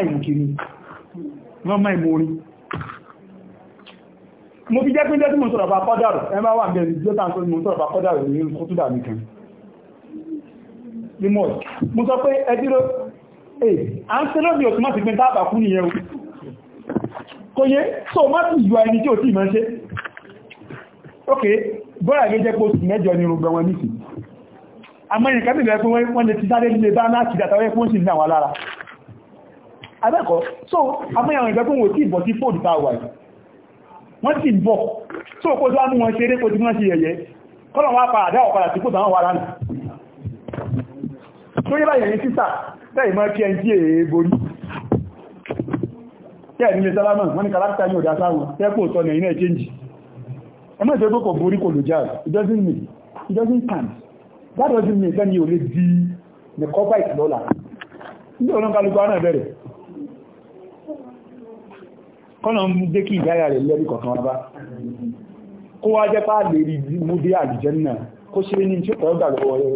[SPEAKER 2] rabbil
[SPEAKER 1] alamin mo fi jẹ́ pé jẹ́ tí mo sọ̀rọ̀ bá kọ́dàrù ẹ máa wà ní ẹni jọ́ta ń sọ mo sọ̀rọ̀ bá kọ́dàrù ní kútùbà nìkan ní mọ́ọ̀lù mo sọ pé ẹdíró ẹ̀ à ń tẹ́lọ́ bí òtún máti gbẹ́ntà àbàkú nìyẹn o kò yé so má ti yọ ẹni tí ò tí ì máa ṣe ok bọ́ra ilé jẹ́ pé oṣù mẹ́jọ ni rògbọ̀n wọn nìkì àmọ́ ìrìnkà bí ìrẹ́pẹ́ wọ́n lè ti sáré nílé bá náà kìdà tàwọn ẹ̀kọ́ sì ní àwọn alára abẹ́kọ̀ọ́ so àmọ́ ìrìnkà bí wọ́n tí ìbọ̀ sí fóòdù táwà yìí wọ́n sì bọ̀ tó kó tó wọn ṣeré kó tí wọ́n ṣe yẹ̀yẹ́ kọ́lọ̀ wọ́n pa àdá ọ̀padà tí kò tàwọn wà lánàá tó yẹ́ báyẹ̀ yìí sísà tẹ́yì mọ́ kí ẹn sálámà wọ́n ni kàlákítà ní ọ̀dá sáwọn tẹ́kù ọ̀tọ́ it doesn't mean it doesn't count that doesn't mean sẹ́ni ò lè di the corporate lọ́la ní ọ̀nà kálukú náà bẹ̀rẹ̀ kọ́nà ń dé kí ìdáyà rẹ̀ lẹ́rí kọ̀kan wá bá kó wá jẹ́ páà lè ṣe ní tí ó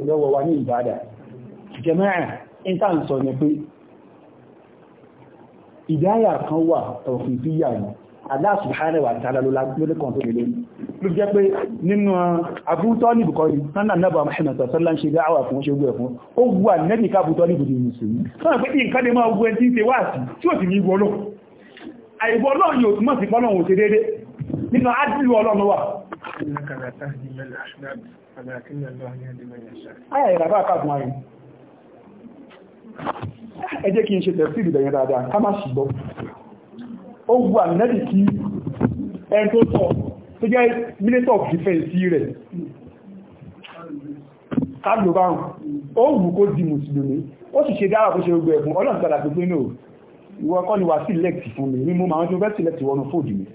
[SPEAKER 1] lọ́wọ́ wa ní ìbádà jẹ́mẹ́rin intan sọ ní pé ìdáyà kan wà tọ̀fún sí yà ní Allah subhanahu wa ta'ala ló lẹ́kàn tó lè lórí ló jẹ́ pé nínú uh, abútọ́ níbùkọ́ ní sánà náà bá Muhammad sọ́lá ń ṣe dáwà fún ṣe gbé ẹ̀fún ó wà nẹ́bìká àìbọ̀ ọlọ́run yóò túnmọ̀ sí pọ́lọ̀ òun ṣe dédé nínú ádìlú ọlọ́run wà ẹjẹ́ kí n ṣe tẹ̀sí ìbẹ̀yẹn dáadáa ká má ṣìgbọ́ ó gbọ́ àmìnẹ́dì kí ẹn tó sọ tó jẹ́ minister of defense rẹ̀ káàlù báhùn ó wù kó di mùsùlùmí ó sì ṣe dára kó ṣe gbogbo ẹ̀kùn ọlọ́nà tàbí pínlẹ̀ ìwọ kọ́ ni wà sílẹ̀kì fún mi ní mú ma wọ́n tí ó fẹ́ sílẹ̀kì wọnú fòdì mi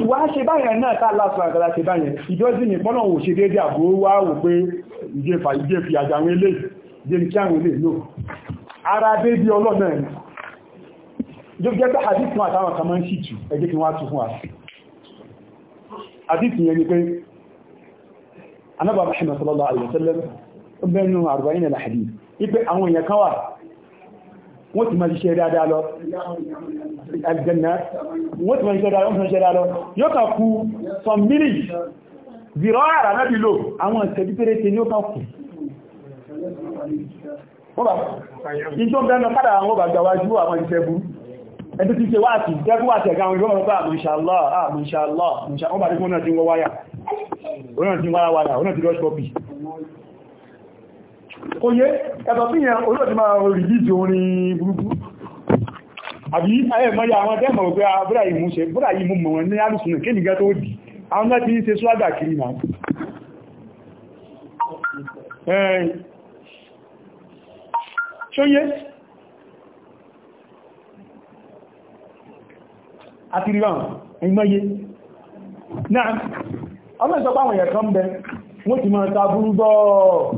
[SPEAKER 1] ìwà ṣe báyẹn náà tá lásán àgbàlá ṣe báyẹn ìjọ́sí ní pọ́nà wò ṣe déédé àbò wá wò pé ìjẹfà ìjẹfì àjàwọn ilé ìjẹni kí àwọn ilé lò ara déédé ọlọ́nà ẹ̀ jọ jẹ́ pé àdìsùn àtàwọn kan máa ń ṣìtù ẹgbẹ́ kí wọ́n á tún fún wa àdìsùn yẹn ni pé anábàbà ṣe mọ̀ sọ́lọ́lọ́ àyẹ̀sẹ́lẹ́ ó bẹ́ẹ̀ nínú àrùbáyìn ẹ̀lá àdìsùn ipe àwọn èèyàn kan wà wọ́n ti máa ṣe dáadáa lọ aljanna wọ́n ti máa ṣe dáadáa wọ́n ṣe dáadáa lọ yóò kà kú some minutes zero ara náà bílò àwọn ìṣẹ́jú péréte ní ó kà kú ìjọ bẹ́ẹ̀nà padà àwọn ọba gbàwájú àwọn ìṣẹ́bú ẹni tí ṣe wáàtí jẹ́kú wáàtí ẹ̀gá àwọn ìjọba pẹ́ àmì ìṣàlọ́ àmì ìṣàlọ́ kò yé ẹ̀tọ̀ sí yẹn olóòtí máa rìlíìsì orin burúkú àbí ayẹ̀mọ́ya àwọn tẹ́mọ̀ pé ah, búrà yìí mú ṣe búrà yìí mú mọ̀ wọn ní alùsùn náà kéènìyàn tó dì àwọn náà ti ń ṣe swagger kiri náà ṣóyé àti ríra ẹ̀mọ́yé náà ọmọ ìsọpá àwọn èèyàn kan bẹ wọ́n ti máa ta burú gbọ́ọ̀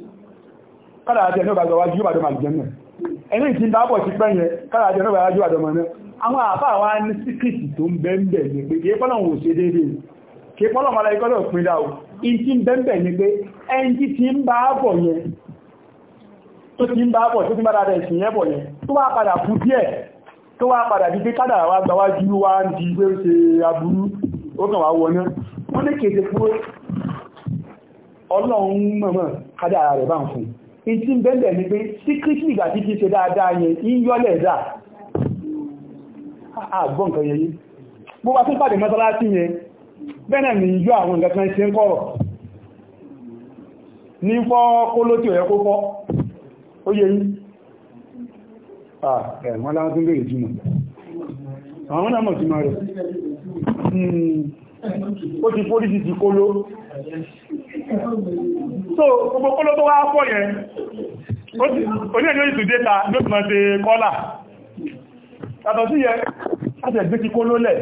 [SPEAKER 1] kára àti ẹ̀nà ìbàgbà wájú ìbàdàn àlùjẹ́nà ẹni ìtì ń dábọ̀ sí pẹ́yẹ kára àti ẹ̀nà ìbàgbà wájú ìbàdàn mọ́ná àwọn àfà wa ní síkìtì tó ń bẹ́ẹ̀ ní pé kìí pọ́lọ̀ wò ṣe déédéé kìí pọ́lọ̀ mọ́lá ikọ́ lọ́ọ̀ pín dáwò ìtì ń bẹ́ẹ̀ ní pé ẹni tí ti ń bá bọ̀ yẹn tó ti ń bá bọ̀ tó ti ń bá dáadáa ìsìn yẹn bọ̀ yẹn tó wá padà kú díẹ̀ tó wá padà bí pé kádà wa gbà wájú ń di pé ó ṣe aburú ó kàn wá wọná wọ́n ní kéde pé ọlọ́run mọ̀mọ́ kádà rẹ̀ bá ń fún ìtí bẹ́ẹ̀lẹ̀ ní pé síkírítì ìgbà tí kí ṣe dáadáa yẹn yíyọ́lẹ̀ dà àgbọ́n ah, ah, nǹkan yẹn yìí bó bá tún pàdé mọ́sálásí yẹn bẹ́ẹ̀ ni yíyọ́ àwọn nǹkan kan ṣe ń kọ̀rọ̀ ní fọ́ kó ló tí ò yẹ kó fọ́ ó yẹ yìí ah, ẹ̀wọ́n láwọn tún bèèrè jùmọ̀
[SPEAKER 2] àwọn náà mọ̀ jùmọ̀ rẹ̀
[SPEAKER 1] hmm. ó ti fórí ti ti kó so gbogbo kóló tó wá pọ̀ yẹn oní ẹ̀yọ́ ìtù data ló ti máa ṣe kọ́là yàtọ̀ sí yẹn láti ẹ̀gbé ti kóló lẹ̀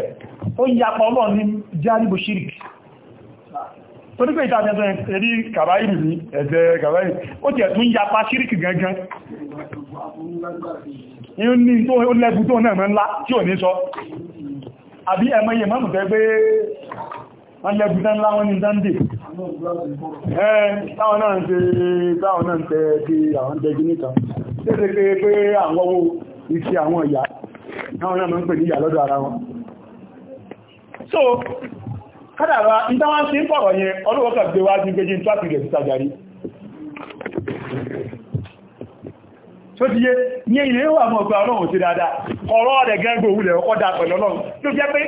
[SPEAKER 1] ó yapa ọlọ́ ní járíbo shirik torí pé ìtàjẹ́ sọ ẹ̀rí kàbáyìrì ní ẹ̀jẹ̀ kàbáyìrì ó ti ẹ̀tún yapa shirik gangan inú ní tó lẹ́gbù tó náà mọ́ ńlá tí ò ní sọ àbí ẹmọ iye mọ́mù fẹ́ gbé wọ́n jẹ́ bí dánlá wọ́n ní dándé táwọn náà ń tẹ́ tí àwọn jẹ́gí nìkan tẹ́lẹ̀ pé pé àwọn so kádàrá ìdáwọn sí ń pọ̀rọ̀ yẹn ọlọ́wọ́kà gbé wá sí gbéjì tó àpìlẹ̀ sí sàjàrí tó ti yé ní ilé wà mọ̀ pé ọlọ́run ti dáadáa ọ̀rọ̀ rẹ̀ òwúlẹ̀ ọkọ́ dá pẹ̀lú tó jẹ́ pé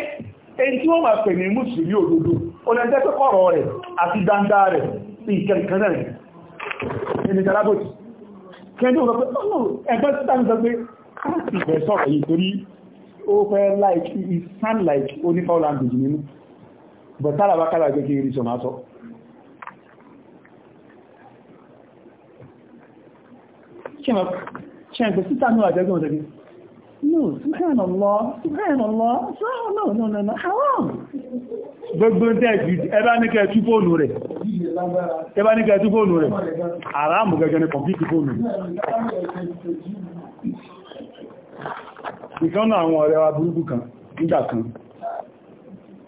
[SPEAKER 1] èyí tí wọ́n máa pè ní mùsùlùmí òdodo ó lẹ́jẹ́ tó kọ̀rọ̀ rẹ̀ àti gbangba rẹ̀ sí ìkẹ̀kẹ̀rẹ̀ rẹ̀ ẹni tàbátì kẹ́ndí ọ̀rọ̀ pé ẹgbẹ́ títàmì sọ pé káàkiri ìfẹ́ sọ̀rọ̀ yìí torí ó fẹ́ like it sound like onífà language nínú but tára bá kára gẹ́gẹ́ rí sọ máa sọ ṣe mọ̀ ṣe ń pẹ̀ títàmì àjẹ́gbọ́n No, subhanallah, subhanallah, no, no, no, no, haram.
[SPEAKER 2] Gbogbo ń tẹ́ẹ̀kì ẹbá ní kẹ́ẹ̀tú
[SPEAKER 1] fóònù rẹ̀. Ẹbá ní kẹ́ẹ̀tú fóònù rẹ̀. Àrámù gẹ́gẹ́ ní kọ̀mpítì fóònù. Ìkánná àwọn ọ̀rẹ́ wa burúkú kan, nígbà kan.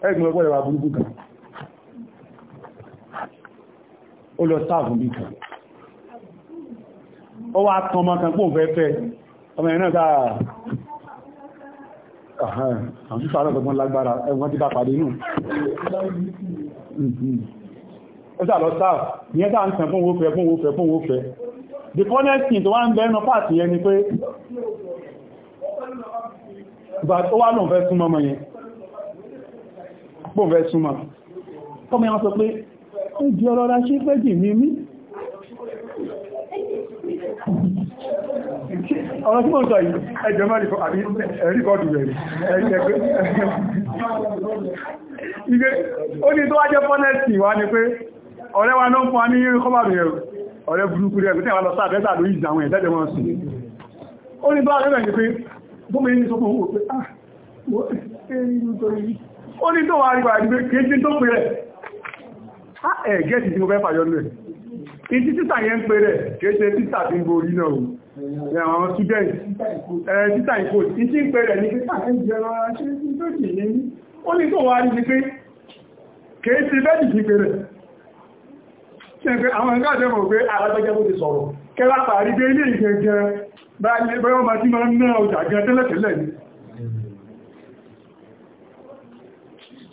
[SPEAKER 1] Ẹgbùn ọgbọ́ ẹwà burúkú kan. Ó lọ sáàfù bí kan. Ó wá tán ọmọ kan pò fẹ́fẹ́ ọmọ ẹ̀nà dáa àwọn tí fàárọ̀ gbogbo lágbára ẹgbọ́n ti bá pàdé inú mm-hmm. ó sà lọ sáà ní ẹ́ta ń tàn fún owó fẹ́ fún owó fẹ́ fún owó fẹ́ the honest thing tó wá ń bẹ́ ẹnu pàtì yẹn ni pé
[SPEAKER 2] ó wá lóun fẹ́ súnmọ́ mọ́ yẹn
[SPEAKER 1] pò fẹ́ súnmọ́ ọmọ ẹ̀wọ̀n sọ pé ó di ọlọ́ra ṣe fẹ́
[SPEAKER 2] ọ̀rọ̀ tí mo sọ yìí
[SPEAKER 1] ẹjọ́ mọ́ ríkọ́dù rẹ̀ ìgbé ó ní tó wájẹ́ fọ́nẹ́sì wá ní pé ọ̀rẹ́ wa náà fún wa ní kọ́bàrù ẹ̀rù ọ̀rẹ́ burúkú rẹ̀ pẹ̀tẹ́ àwọn lọ́sà àbẹ́sà ló ìjà àwọn ẹ̀dẹ́dẹ̀ wọn sí ó ní tó wájẹ́ rẹ̀ ní pé gómìn ní sọ fún òun pé ah ó ní tó wá rí ìtí títà yẹn ń pè rẹ̀ kéèṣe títà tí ń borí náà ní àwọn student títà ìkò ìtí ń pè rẹ̀ ní títà ń jẹrọ ṣe tí tó jì ní ó ní tó wá rí ní pé kéèṣe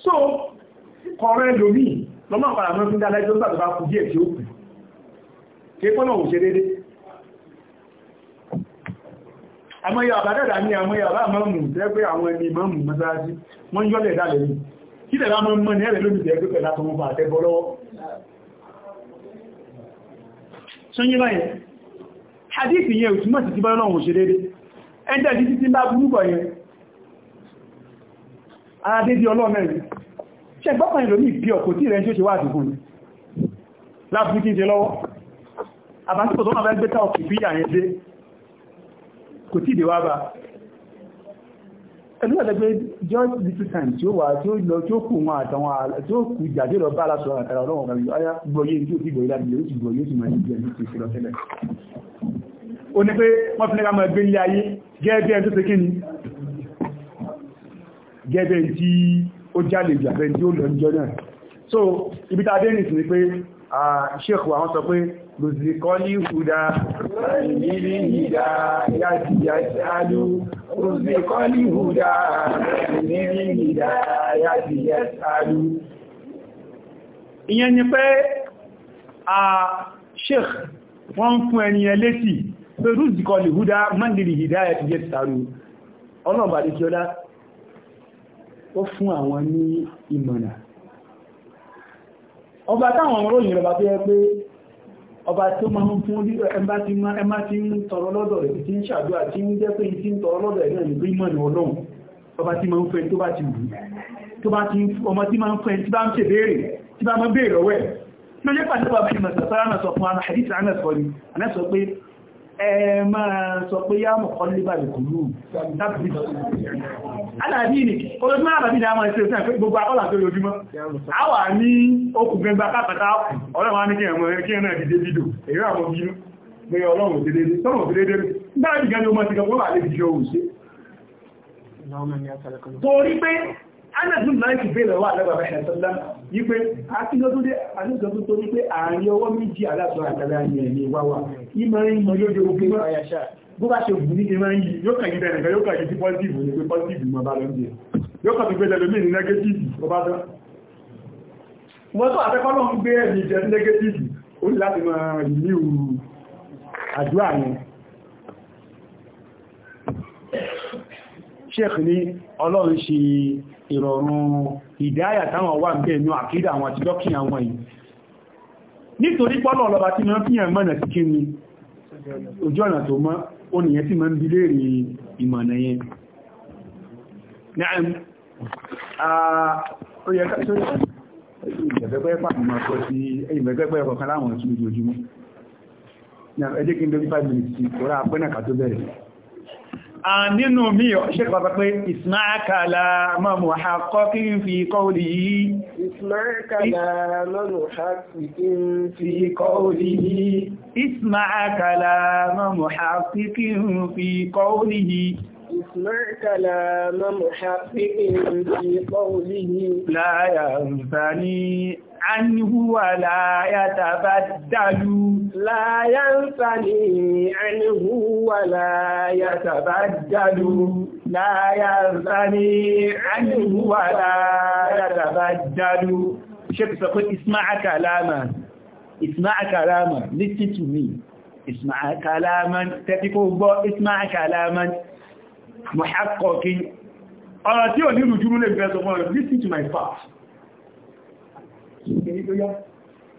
[SPEAKER 1] so kọ̀ọ̀rẹ́ lòmí lọ́mọ̀ àpàràmọ́ fún dáadájọ́ gbàgbà kù díẹ̀ tí ó kù kéèkọ́nà òṣè dédé àmọ́yà àbádẹ́dà ní àmọ́yà aláàmọ́mù tẹ́ pé àwọn ẹni mọ́mù mọ́sáájú wọ́n yọ́lẹ̀ dálẹ̀ ní kí tẹ̀lá mọ́ mọ́ ní ẹ̀rẹ̀ lóbi tẹ́ pé pẹ̀lá tó mọ́ bá tẹ́ bọ́ hadithi yẹn òtúmọ̀ sí ti bá náà òṣè dédé ẹjẹ́ títí tí bá burú bọ̀ ṣe wá àdìgún lábúrú tí lọ́wọ́ àbásíkò tó náà fẹ́ gbẹ́ta òkè bí yàyẹn dé kò tí ìdíwá bá ẹni ọ̀dẹ́ pé just little time tí ó wà tí ó lọ tí ó kù wọn àtàwọn tí ó kù ìjàdé lọ bá aláṣọ àtàrà ọlọ́wọ̀n kan yóò ayá gbọ́yé tí ó ti gbọ́yé láti yóò ti gbọ́yé tí máa ń jẹ́ ní ti ṣe lọ tẹ́lẹ̀ ó ní pé wọ́n fi nígbà máa gbé ilé ayé gẹ́gẹ́ ẹni tó ṣe kí ni gẹ́gẹ́ tí ó jáde ìjàbẹ́ tí ó lọ níjọ́ náà so ibi tá a dé nìsín ni pé ah, Sheikh wa wọ́n sọ pé رزقني هدى سبيل الهداية يسأل رزقني هدى سبيل الهداية يسأل ìyẹn ni pé a sheikh wọ́n fún ẹniyàn létí pé rúzìkọ́ lè húdá mọ́ndìrì hidayat ti jẹ́ tààrù ọlọ́bà ní kí ọlá ó fún àwọn ní ìmọ̀nà ọba táwọn ròyìn rọ̀bà tó yẹ pé ọba tó máa ń fún rí ẹmbá tí ẹmá tí ń tọrọ lọ́dọ̀ rẹ̀ tí ń ṣàdúrà tí ń jẹ́ pé tí ń tọrọ lọ́dọ̀ rẹ̀ ní bímọ̀ ní ọlọ́run ọba tí máa ń fẹ́ tó bá ti wù tó bá ti ọmọ tí máa ń fẹ́ tí bá ń ṣe béèrè tí bá máa béèrè ọwẹ́ hadith anas anas sọ ẹ máa sọ pé yá mọ̀kọ́ lébà ìkùnlú aláàdínì olóòtú máa bàbí dáa máa ṣe òsìn àpé gbogbo akọ́là tó lójúmọ́ àwà ní okùn gbẹgbà kápẹta ọlọ́wà ní kí ẹ̀mọ̀ kí ẹ̀nà ìdíje bídò èyí àwọn bínú pé ọlọ́run òdédédé tọ́rọ̀ òdédédé dáa jù gẹ́gẹ́ ọmọ ti gẹ́gẹ́ wà lè fi ṣe òun ṣe torí pé anàdún máa kì bèèrè wà lẹ́gbàbà ẹ̀sọ́lá wípé akílọ́dúnlé àdúgbò tó ní pé àárín ọwọ́ méjì aláṣọ àtàlá ní ẹ̀mí wá wà ìmọ̀ ìmọ̀ yóò jẹ́ ogun máa yàṣà bó bá ṣe ògùn ní ìmọ̀ yìí yóò kàn yíbẹ̀ nìkan yóò kàn yí sí pọ́sítìfù ní pé pọ́sítìfù mọ̀ bá lọ́dún yóò kàn tó gbé lẹ́lómí ní nẹ́gẹ́tìfù tó bá tán wọ́n tó àfẹ́kọ́ lọ ń gbé ẹ̀mí jẹ́ nẹ́gẹ́tìfù ó ní láti máa ní òru àdúrà yẹn Sheikh ní ọlọ́run ṣe ìrọ̀rùn ìdáyà táwọn wà bẹ́ẹ̀ ní àkídà àwọn àti lọ́kìn àwọn yìí nítorí pọ́lọ̀ ọlọ́ba tí mọ́ fíyàn mọ́nà sí kí ni ojú ọ̀nà tó mọ́ ó nìyẹn tí mọ́ ń bilé rí ìmọ̀nà yẹn ẹjẹ́ kí n lórí 5 minutes kò rá apẹ́nà kà tó bẹ̀rẹ̀ nínú mi ṣe pàpà pé ìsmáàkàlà mọ́mù àkọ́ kí n fi kọ́ọ̀lì yìí ìsmáàkàlà mọ́mù àkọ́ kí n fi kọ́ọ̀lì yìí ìsmáàkàlà mọ́mù àkọ́ kí n fi kọ́ọ̀lì yìí عنه ولا يتبدل لا ينثني عنه ولا يتبدل لا ينثني عنه ولا يتبدل Sheikh Sakun isma'a kalaman isma'a kalaman listen to me isma'a kalaman tẹ́tí kó gbọ́ isma'a kalaman muhaqqaqin ọ̀rọ̀ tí ò ní rùjúrú lè fẹ́ sọ fún ọ̀rọ̀ listen to my past ìgbèrí tó yá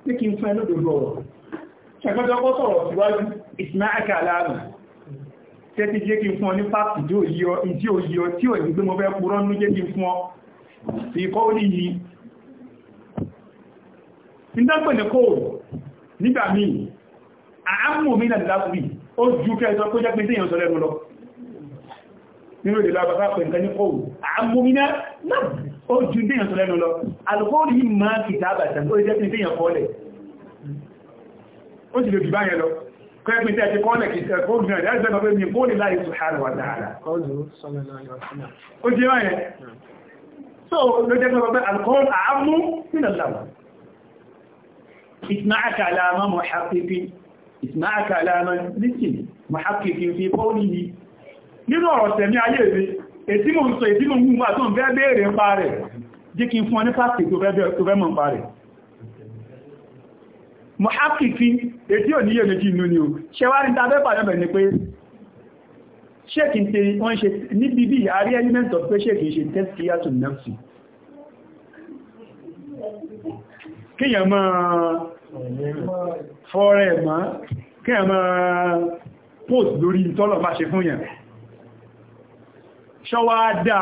[SPEAKER 1] pé kí n fún ẹlòdòdó ọ̀rọ̀ ṣàgbọ́jọ́kọ́ sọ̀rọ̀ síwájú ìsìnáàkà aláàrùn tẹ́ ti jẹ́ kí n fún ọ ní pàtì tí ò yí ọ tí ò yí ọ tí ò yí pé mo fẹ́ purọ́ nú jẹ́ kí n fún ọ sí ikọ́ ó ní yí ìdápẹ̀ ní kóòlù nígbà míì àámù mi náà lápùrí ó ju kẹ́ẹ̀sọ́ kó jẹ́ pé tí èèyàn sọ lẹ́nu lọ nínú ìdè lábàbá pẹ̀lú ó ju déyàn tó lẹ́nu lọ alùkóòrì yìí máa fi dábà tàn ó jẹ́ pín déyàn kọ́lẹ̀ ó sì lè jù báyẹn lọ kọ́ẹ̀pín tẹ́ ti kọ́lẹ̀ kì í sẹ́ kó gbìyànjú láti sẹ́kọ̀ọ́ pé mi kó lè láì so ló jẹ́ pé alùkóòrì àámú nínú اسمع كلاما محقق اسمع كلاما لسن محقق في قوله nínú ọ̀rọ̀ tẹ̀mí ayé rẹ̀ ètí mò ń sọ ètí mò ń wù máa tó ń bẹ́ bèèrè ń pa rẹ̀ jí kí n fún ọ ní pàtàkì tó fẹ́ mọ̀ ń pa rẹ̀ mọ̀ ákìkí ètí ò níyè méjì inú ni o ṣẹwárí ta fẹ́ pàdébẹ̀ ni pé ṣéèkì ń tẹ wọ́n ṣe ní bíbí àrí element of pé ṣéèkì ṣe tẹ́síkíyà tó nẹ́fì kíyàn máa fọ́rẹ̀ mọ́ kíyàn máa post lórí tọ́lọ̀ máa ṣe fún yàn ṣọ́wá dá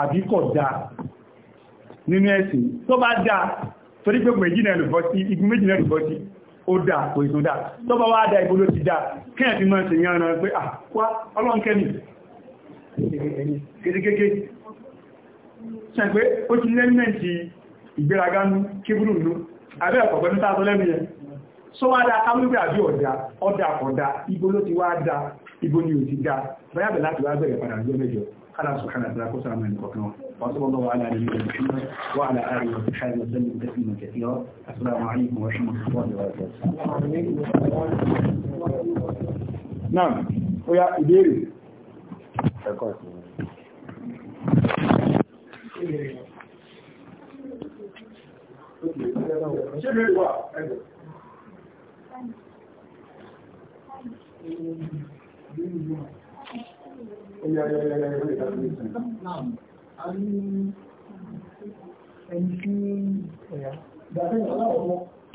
[SPEAKER 1] àbíkọ̀ dá nínú ẹ̀sìn tó bá dá torí pé méjìnà lùbọ́sí igun méjìnà lùbọ́sí ó dá kò ìtò dá tó bá wá dá ìbóló ti dá kíyàn ti máa ṣèyàn ara pé àkwá ah, ọlọ́nkẹ́ni kékeré ṣe pé ó ti lẹ́mẹ́ntì ìgbéraga nú kébùrù nú abẹ́ ọ̀pọ̀pẹ́ ní tààtọ́ lẹ́nu yẹn so wá dá káwígbẹ́ àbí ọ̀dá ọ̀dá kọ̀dá igbó ló ti wá dá igbó ni ò ti dá báyàbẹ̀ láti wá bẹ̀rẹ̀ padà lọ́mẹ́jọ́ على سبحانه وتعالى كثر من يتقنوا وصلى الله على نبينا محمد وعلى اله وصحبه وسلم تسليما كثيرا السلام عليكم ورحمه الله وبركاته نعم ويا ادير
[SPEAKER 2] Thank you. Ẹni tí ẹ̀yà. Ìgbàtí ìgbàláwọ̀